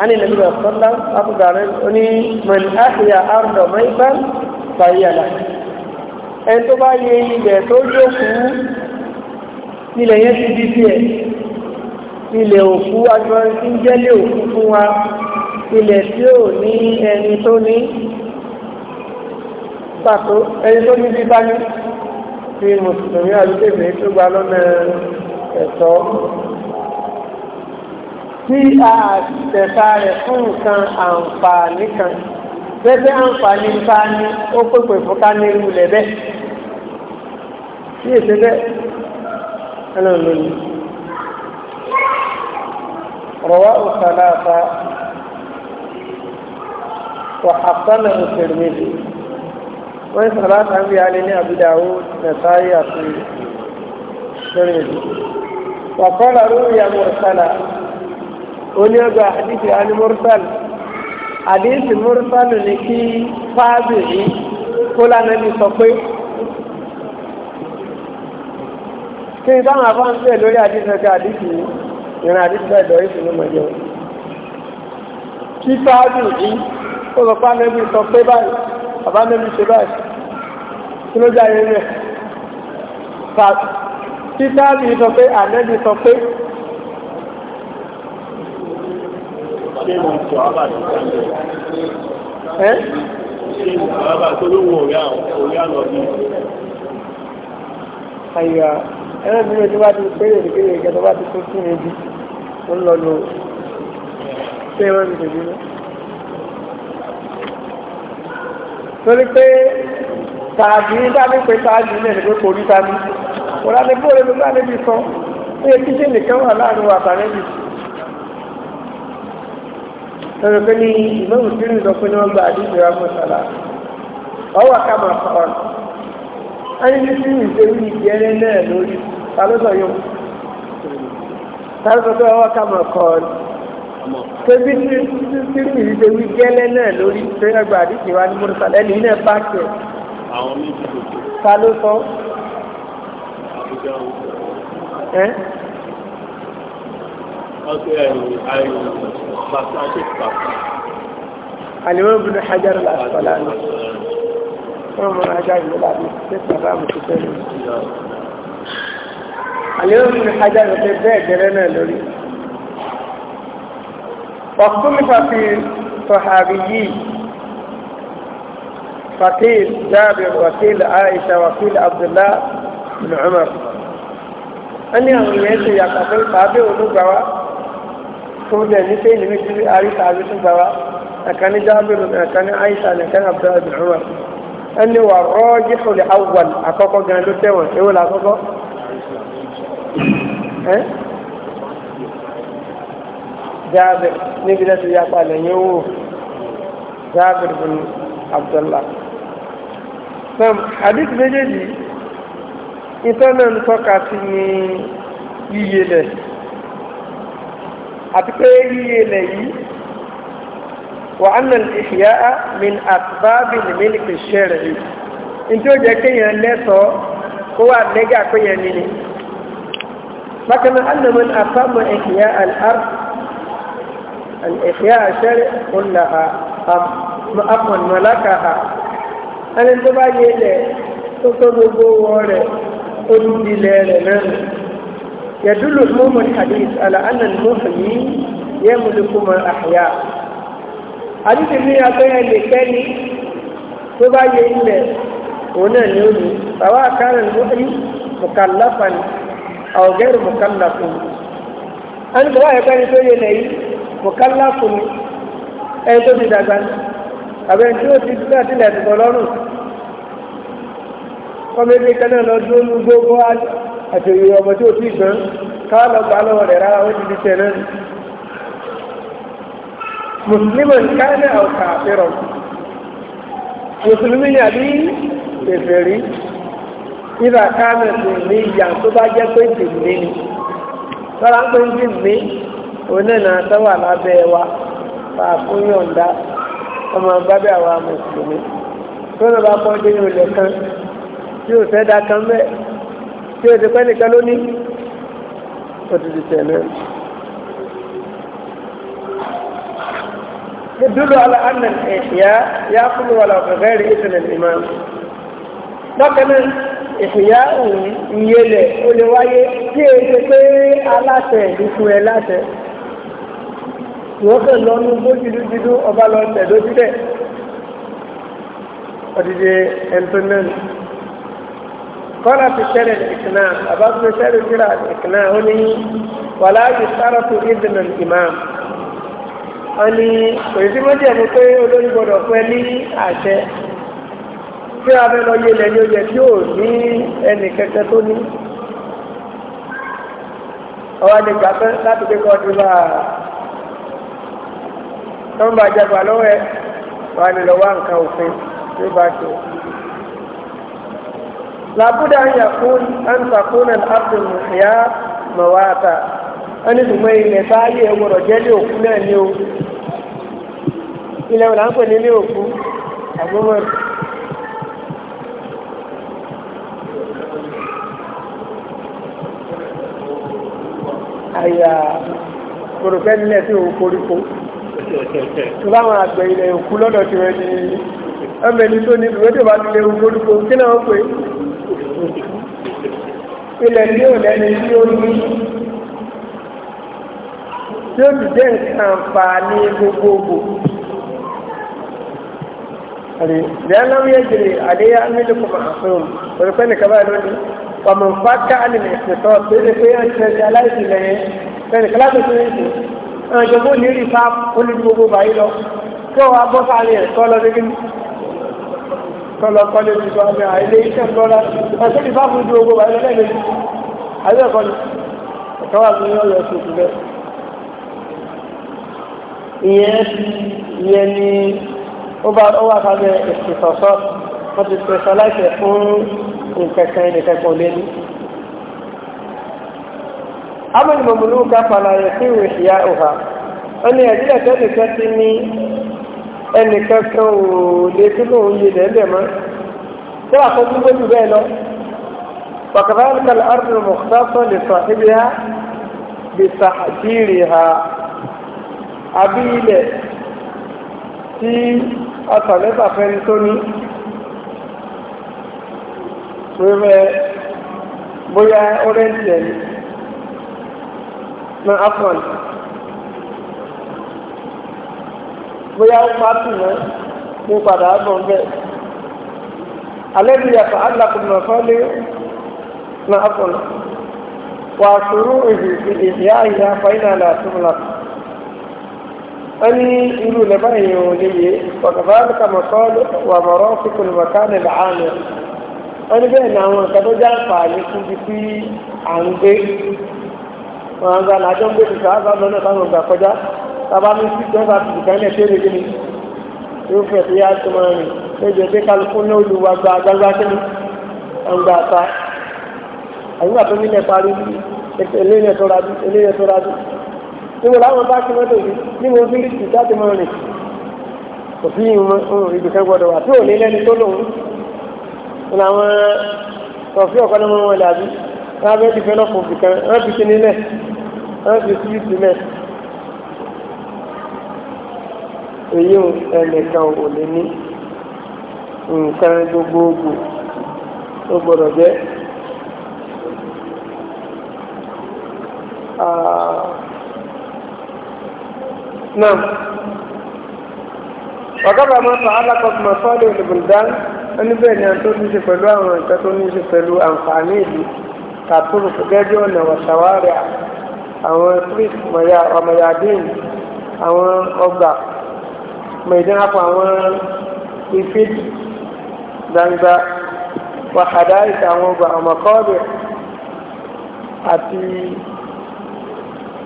عن النبي صلى الله عليه وسلم أقول أني من أحيا أرض ميتا فهي له ẹn tó bá yẹ ilẹ̀ tó jókòó ilẹ̀ yẹn ti di tiẹ̀ ilẹ̀ òkú aṣọ tí ń jẹ́lé òkú fún wa ilẹ̀ tí ò ní ẹni tó ní pàtó ẹni tó ní bíbá ní sí mùsùlùmí àdúgbò tó gba lọ́nà ẹ̀tọ́ tí a tẹ̀ka rẹ̀ fún nǹkan àǹfààní kan gẹ́gẹ́ àǹfààní nípa ni ó pèpè fún ká ní irú lẹ̀ bẹ́ẹ̀ tí èsè bẹ́ẹ̀ ẹnà lónìí rọwá òsàlá àfa wàhásánà òsèrèmẹ́lì wọ́n sọ̀rọ̀ láti ń rí alẹ́ ní àbúdáwó nàtàrí àti lórí ìlú wàkọ́lá lórí àmúrúsálà oní ọgbà àdìsí ànímúrúsálà àdìsí múrúsálà ní kí fáàbì rí kó lánàá ní sọ pé kí n táwọn afáǹsẹ̀ lórí àdìsí ọjọ́ àdìsí ìrìn àdìsí ọjọ́ ìṣúná mọ̀jọ́ kí fáàbì rí kó lọ fáàbì sọ pé báyìí bàbá mi ṣe báyìí kí ló jáde rẹ̀ fat títàbí sọ pé ànẹ́bí sọ pé ṣé mo sọ àbàtì ẹ́ ṣé mo sọ àbàtì olówó orí àwọn orí àlọ́ bí àyà ẹ̀rọ bí mo ti bá ti péré ìdíkéré ìgbà tó bá ti tó sí mi ń lọ lò ṣé wọ́n ti tẹ̀lé lọ. torí pé tààgì ní dábí pé tààgì náà ní pé kò rí tàbí wọ́n lálẹ́ bóore ló bá níbi sọ ní etí sí nìkan wà láàrin wà tàrẹ́bì lọ́nà pé ní ìmọ̀wù sírì lọ pé ní wọ́n gba àdíjọ àmọ́ sàlá ọwọ́ ká máa fọ́ ọ́n a ní sí ìṣerú ìdí ẹrẹ náà lórí ta ló sọ yóò ta ló sọ pé ọwọ́ ká máa kọ́ ọ́n tẹbi tí tí tí ìṣerú ìdí ẹrẹ náà lórí tó yẹ gba wa ní mọ́tò ẹni náà bá àwọn méjì ló tó. ta ló sọ. àbújá ń sọ. ẹ. ọ̀sẹ̀ ẹ̀yìn àìyàn pàṣẹ àṣẹ pàṣẹ. àlèmọ́ bínú hajar al-Asqalani wọ́n mọ hajar al-Asqalani ṣé bàbá mi ti fẹ́ mi. àlèmọ́ bínú hajar al-Asqalani bẹ́ẹ̀ gẹ́rẹ́ náà lórí. ọ̀kúnmí fàfihàn sọ̀hàbí yìí. وكيل جابر وكيل عائشة وكيل عبد الله بن عمر أني أغنيت يا قصي صحابي ولو جوا ثم جاني سيد آري آل صحابي جوا أكان جابر أكان عائشة أكان عبد الله بن عمر أني والراجح الأول أكوكو جاندو تيوان إيه ولا أكوكو ها جابر نبي يا تجاوب يوه جابر بن عبد الله sam hadith méjèèjì ìtọ́nà ń tọ́ka sí ní yíyé lẹ̀ àti pé yíyé lẹ̀ yìí wà á nà ìhìyà min àtúbábì ní mílíkì ṣẹ́rẹ̀ yìí nítorí ó jẹ́ kéèyàn lẹ́tọ̀ọ́ kó wà lẹ́gà péyàn nínú bákan náà á nà mọ́ àfáàmù ìhìyà al-ard al-ìhìyà ṣẹ́rẹ̀ kúnlá ha àmọ́ mọ́láka ha ẹni tó bá yẹ ilẹ̀ tó tó gbogbo wọ rẹ̀ ó ti di ilẹ̀ rẹ̀ náà yàdúlù mọ́mọ́ hadith àlà ànà mọ́mọ́ yìí yẹ mọ́lẹ́kùmọ́ àyà àdìsí ní abẹ́rẹ́ lè kẹ́ni tó bá yẹ ilẹ̀ òun náà ni ó ní bàbá àkàrà lórí mùkàlàfà ni àwọ̀gẹ́rù mùkàlàfà ni a ní bàbá àyẹ̀kọ́ ẹni tó yẹ ilẹ̀ yìí mùkàlàfà ni ẹni tó ti dàgbà ni àbẹ̀yìn tí ó ti dúdà sílẹ̀ ti bọ̀ lọ́rùn kọ́mẹ́bí kanáà lọ dúró ní gbogbo àtẹ̀yẹ ọmọ tí ó ti gbọ́n káà lọ gbà lọ́wọ́ rẹ̀ rárá ó ti di tẹ̀ náà mùsùlùmí kánà ọ̀kà àfẹ́rọ̀ mùsùlùmí ni àbí kèfèrí ìlà kánà sì ní ìyà tó bá jẹ́ pé dìmí ni sọ́ra ń pè ń dìmí onínà tó lábẹ́ wa fà fún yọ̀ǹda ọmọ bábẹ́ àwa mùsùlùmí tó lọ́ba pọ́n dé ilẹ̀ kan tí ò fẹ́ da kan bẹ́ẹ̀ tí o ti pẹ́ nìkan lónìí ó ti di tẹ̀lé. يدل على أن الإحياء يأخذ ولا غير إذن الإمام لكن ìfìyà òun ìyẹlẹ̀ ó lè wáyé tí èyí ṣe wọ́n fẹ́ lọ ní bó ti dúdú ọba lọ tẹ̀dó síbẹ̀ ọdíje ẹ̀ńtọ́nẹ́nu kọ́lá ti sẹ́rẹ̀ ìkìnnà àbá tó sẹ́rẹ̀ síra ìkìnnà ó ní wàlá yìí sára tó ìdènà ìmáà wọ́n ní òyìn tí wọ́n jẹ̀mú pé olórí gbọ́dọ̀ fún ní àṣẹ tí a fẹ́ lọ yé ilẹ̀ ní tí ò ní ẹnì kẹkẹ tó ní ọwọ́ àdìgbà láti kékọ́ ọdún bá tó ń bá jagba lọ́wọ́ ẹ wà ní lọ́wọ́ nǹkan òfin tó bá tó. làbúdà ń yàkún án sàkúnà abdul muhiya mawata wọn ní tùmọ̀ ilẹ̀ sáyé ẹwọ́rọ̀ jẹ́lé òkú náà ní o ilẹ̀ wọn là ń pè ní ilé òkú àgbọ̀mọ̀ àyà kòròfẹ́ nílẹ̀ tí òun koríko tó báwọn àgbẹ̀ ilẹ̀ òkú lọ́dọ̀ tí wọ́n ní ọmọ ẹni tó ní ìwé tó bá ti lè wù gbódúgbò kí náà pé ilẹ̀ tí ò lẹ́ni tí ó ní tí ó ti jẹ́ nǹkan fà ní gbogbogbò lẹ́yìnláwó yẹ jèrè àdéyà mílíkù màásùn òrùpẹ́ nìkan báyìí lónìí ọmọ nǹkan ká ní ìsìtọ́ pé pé ẹ̀ ń ṣe aláìsí lẹ́yìn fẹ́ẹ̀nì kíláàsì tó ń ṣe ìjọba ò ní rí fa olùdí gbogbo bàyí lọ kí wọ́n abọ́ sáré ẹ̀ kọ́ lọ dégbé kọ́ lọ kọ́ lé gbogbo àmì àìlé iṣẹ́ ńlọ́lá ọ̀sẹ̀ ní fáfù ju gbogbo bàyí lọ lẹ́ẹ̀mejì àbí ẹ̀kọ́ ni ọ̀kọ́ wà ní ọ̀yọ́ ṣòkù bẹ́ẹ̀. ìyẹn ìyẹn ni ó bá ó wà sábẹ́ ìsìsọ̀sọ́ wọ́n ti pẹ̀sọ̀ أما المملوكة فلا يحيو إحياؤها أن يجد ذلك أني أن كفروا ليكونوا يدين لما فلا قدوا بينه وكذلك الأرض المختصة لصاحبها بتحجيرها أبيل في أصلت أخنتني ويبقى بيا أولنتيني náà afọ́n bóyá ó máa tù mọ́ ní padà á bọ̀ bẹ́ẹ̀ alẹ́ bí yàtọ̀ alákùnrin ọ̀fọ́ lé náà afọ́n wà á sòrò èdè èdè àyà fàyínà àlàtúmọ̀lá ẹni irú rẹ̀ báyìí ò lè yé ọ̀gbọ́n kàmọ́sọ́ọ́lù wà mọ̀rọ́ fíkùn mọ̀kánì làánù ẹni bẹ́ẹ̀ ni àwọn ìkàdójà ń fà á fún bíbí à ń gbé wọn gba làjọ ń gbé tuntun àgbà lọ́nà táwọn gbà kọjá tábà ní sí tí wọn bá tuntun kan náà ṣe é lè gbéni yóò fẹ́ tó yá tó máa rìn lójú ẹgbẹ́ kálukú ní olùwà gba agbágbá kíni wọn gba ata àyùbá tó nílẹ̀ parí eléyìí tó rájú eléyìí tó rájú níbo làwọn bá kíni tó yìí níbo bí lìtì jáde máa rìn kò sí ibùkẹ́ gbọdọ̀ wà tí ò ní lẹ́ni tó lòun ní lábẹ́ dìfẹ́lọ́pù fìkan wọ́n fi kíní lẹ̀ wọ́n fi sí ìsílẹ̀ èyí ẹnìkan ò lè ní nǹkan gbogbogbò ó gbọ́dọ̀ jẹ́ نعم وقبل ما تعلق بمصالح البلدان أن بين أن تنشي فلوان وأن تنشي فلوان فعميلي kàtúrù gẹ́gẹ́ ọ̀nà wàṣàwárẹ̀ àwọn street ọmọyàdín àwọn ọgbà mẹ̀dínlápọ̀ àwọn ifid gbangba wàhàdáìs àwọn ọgbà ọmọkọ́ọ̀bẹ̀ àti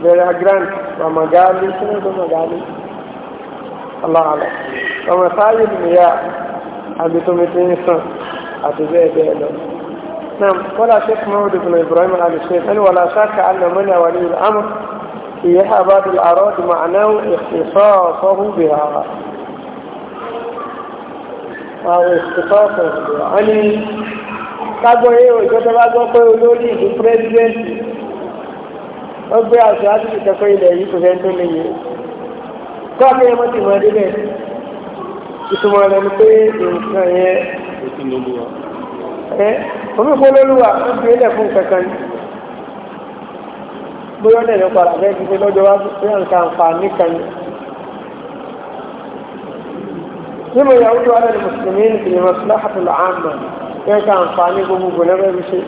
vera grand ọmọgáálí tí wọ́n tó Allah, aláàlá ọmọ sáyé nìyà àbítọ́mítí ń sàn àti bẹ́ẹ̀ bẹ́ẹ̀ lọ. نعم ولا شك محمد بن إبراهيم عليه الشيخ أنه ولا شك أن من ولي الأمر في أحباب الأراض معناه اختصاصه بها أو اختصاصه بها يعني كابو هي إيه وجدت بعضه في ولولي في البرزيدنت أبي أشهد أنك في لي في عندني كابو هي ما تمارينه اسمه لمتي اسمه ẹ omi polówó àwọn fi ilẹ̀ fún kankan ni bóyá ọ̀nà ìyẹn padà bẹ́ẹ̀ fífi lọ́jọ́ wá bóyá nǹkan àǹfààní kan ni. nínú ìyàwó tó wà lẹ́nu mùsùlùmí ní ìyẹn maslahatu al-amma bẹ́ẹ̀ ká àǹfààní gbogbo lẹ́rẹ́ bí ṣe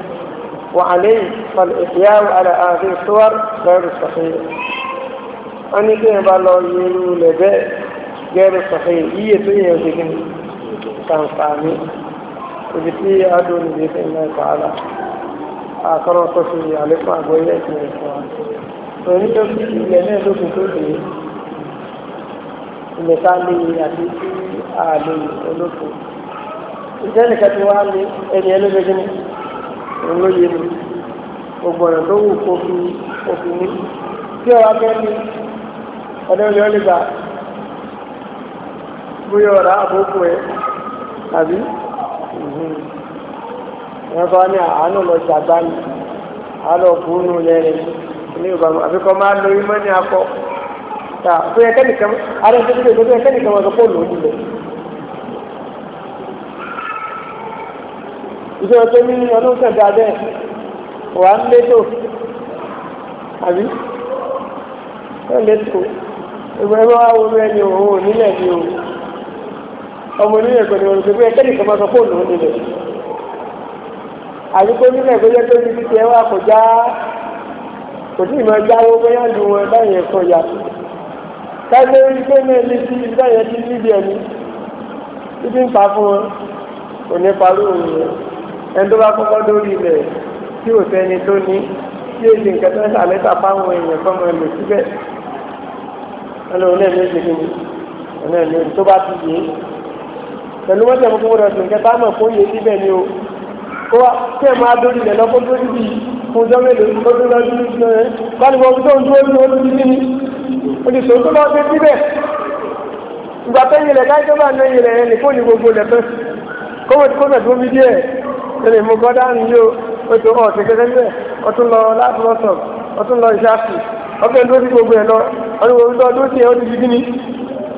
وعليه فالإحياء على هذه الصور غير صحيح أني كيف بالله يلو لبئ غير صحيح إيه تو إيه كان فاهمين ibi tí a dùn níbi ìfẹ́ iná ẹ̀kọ́ àlá àkọ́rọ́ tó fi àlékún àgọ́ ilé ìsìn ẹ̀kọ́ wa òní tó fi ilẹ̀ náà lókun tó dé ilẹ̀ tá lé àti tí a lè olókun ìjẹ́ nìkan tí wàá lé ẹni ẹlẹ́gbẹ̀ẹ́ ní òun ló yé mi gbogbo ọ̀nà tó wù kó fi òfin ní tí ọ̀rọ̀ akẹ́kọ̀ọ́ ní ọ̀dọ́ ilé ọ̀lẹ́gbà bóyá ọ̀rọ̀ àbókù ẹ̀ tàbí wọn bá ní àánú lọ ṣàgbáni àlọ bùnú lẹrẹ ní ìbámu àfikọ máa lo imọ ní akọ ta fún yẹn kẹ́nìkan àrẹ tó ti dèjọ́ fún yẹn kẹ́nìkan wọn kó lòó nílẹ̀. ìṣòro tó ní ọdún kẹta bẹ́ẹ̀ wà ń létò àbí wọ́n létò ìgbà ẹgbẹ́ wa wo rẹ ni òun ò nílẹ̀ ni òun ọmọ onílẹ̀ pẹ̀lú òun tó fún yẹn kẹ́nìkan wọn kó lòó nílẹ̀ àdúgbò nílẹ̀ tó yẹ pé níbi tí ẹ wà kò já kò tí ì máa jáwó bóyá lu wọn báyìí ẹ̀kọ́ yà káyọ̀ orí pé náà ní sí báyìí ti níbi ẹ̀mí títí ń pa fún wọn kò ní parí òun rẹ̀ ẹni tó bá kọ́kọ́ lórí ilẹ̀ tí ò sẹ́ni tó ní tí èsì nǹkan tó ń sàlẹ́sà fáwọn èèyàn kan máa lò síbẹ̀ ẹlòmíràn náà ní èsì kìíní ẹlòmíràn tó bá ti yé pẹ̀lú mọ́tò ẹ̀mú kó wọ́n rẹ̀ sùn kẹta mọ̀ fóyè síbẹ̀ ni o kó wa kí ẹ máa dórí ilẹ̀ lọ́kọ́ dórí bí fún ọjọ́ mélòó lọ́dún lọ́dún lọ́dún rẹ̀ báyìí wọ́n tó ń dúró ní olú ní kíni olùsọ tó lọ́ọ́ dé síbẹ̀ ìgbà tó yin lẹ̀ káyọ̀ tó bá ń yin lẹ̀ yẹn ní fóònù gbogbo lẹ̀ fẹ́ kọ́mọ̀ tí kọ́mọ̀ tó ń bí díẹ̀ ẹnì mú gọ́dá ń yó oṣù ọ̀sẹ̀ kẹsẹ̀ ń bẹ̀ ọtún lọ láti lọ́sọ̀ ọtún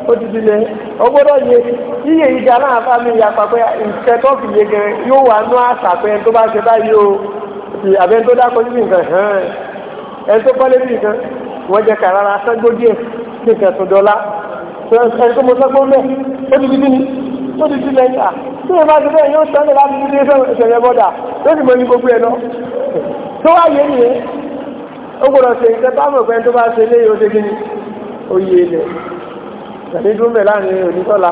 ó ti dilẹ̀ ó gbọ́dọ̀ yẹ yíyẹ ìjà náà fà mí ya pàpẹ́ nǹkan tó fi yẹ gẹ̀rẹ́ yóò wà nú àṣà pé ẹni tó bá ṣe báyìí o ti àbẹ́ ẹni tó dákọ́ sí nǹkan hàn ẹni tó kọ́lé bí nǹkan wọ́n jẹ kàrà ara sẹ́gbó díẹ̀ nǹkan tó dọ́lá ẹni tó mọ sẹ́gbó mẹ́ ó ti dilẹ̀ ó ti dilẹ̀ ìta tí ìyẹn bá ti bẹ́ẹ̀ yóò sẹ́ni láti dídé ìṣẹ̀lẹ̀ bọ́dà yóò sì mọ ní gbogbo ẹ̀ lọ tó wá yẹ nìyẹn ó gbọ́dọ̀ ṣe nǹkan tó tàbí dúró mẹ́ láàrin onítọ́lá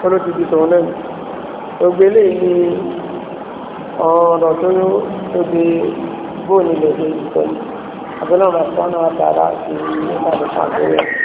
kọ́ló ti di tòun lẹ́nu gbogbo eléyìí ni ọ̀rọ̀ tó tóbi bóòlù lè ṣe ìtọ́jú àbẹ́lẹ́ ọ̀rọ̀ àti wọn náà tààrà sí ìpàdé pàǹtẹ́rẹ́.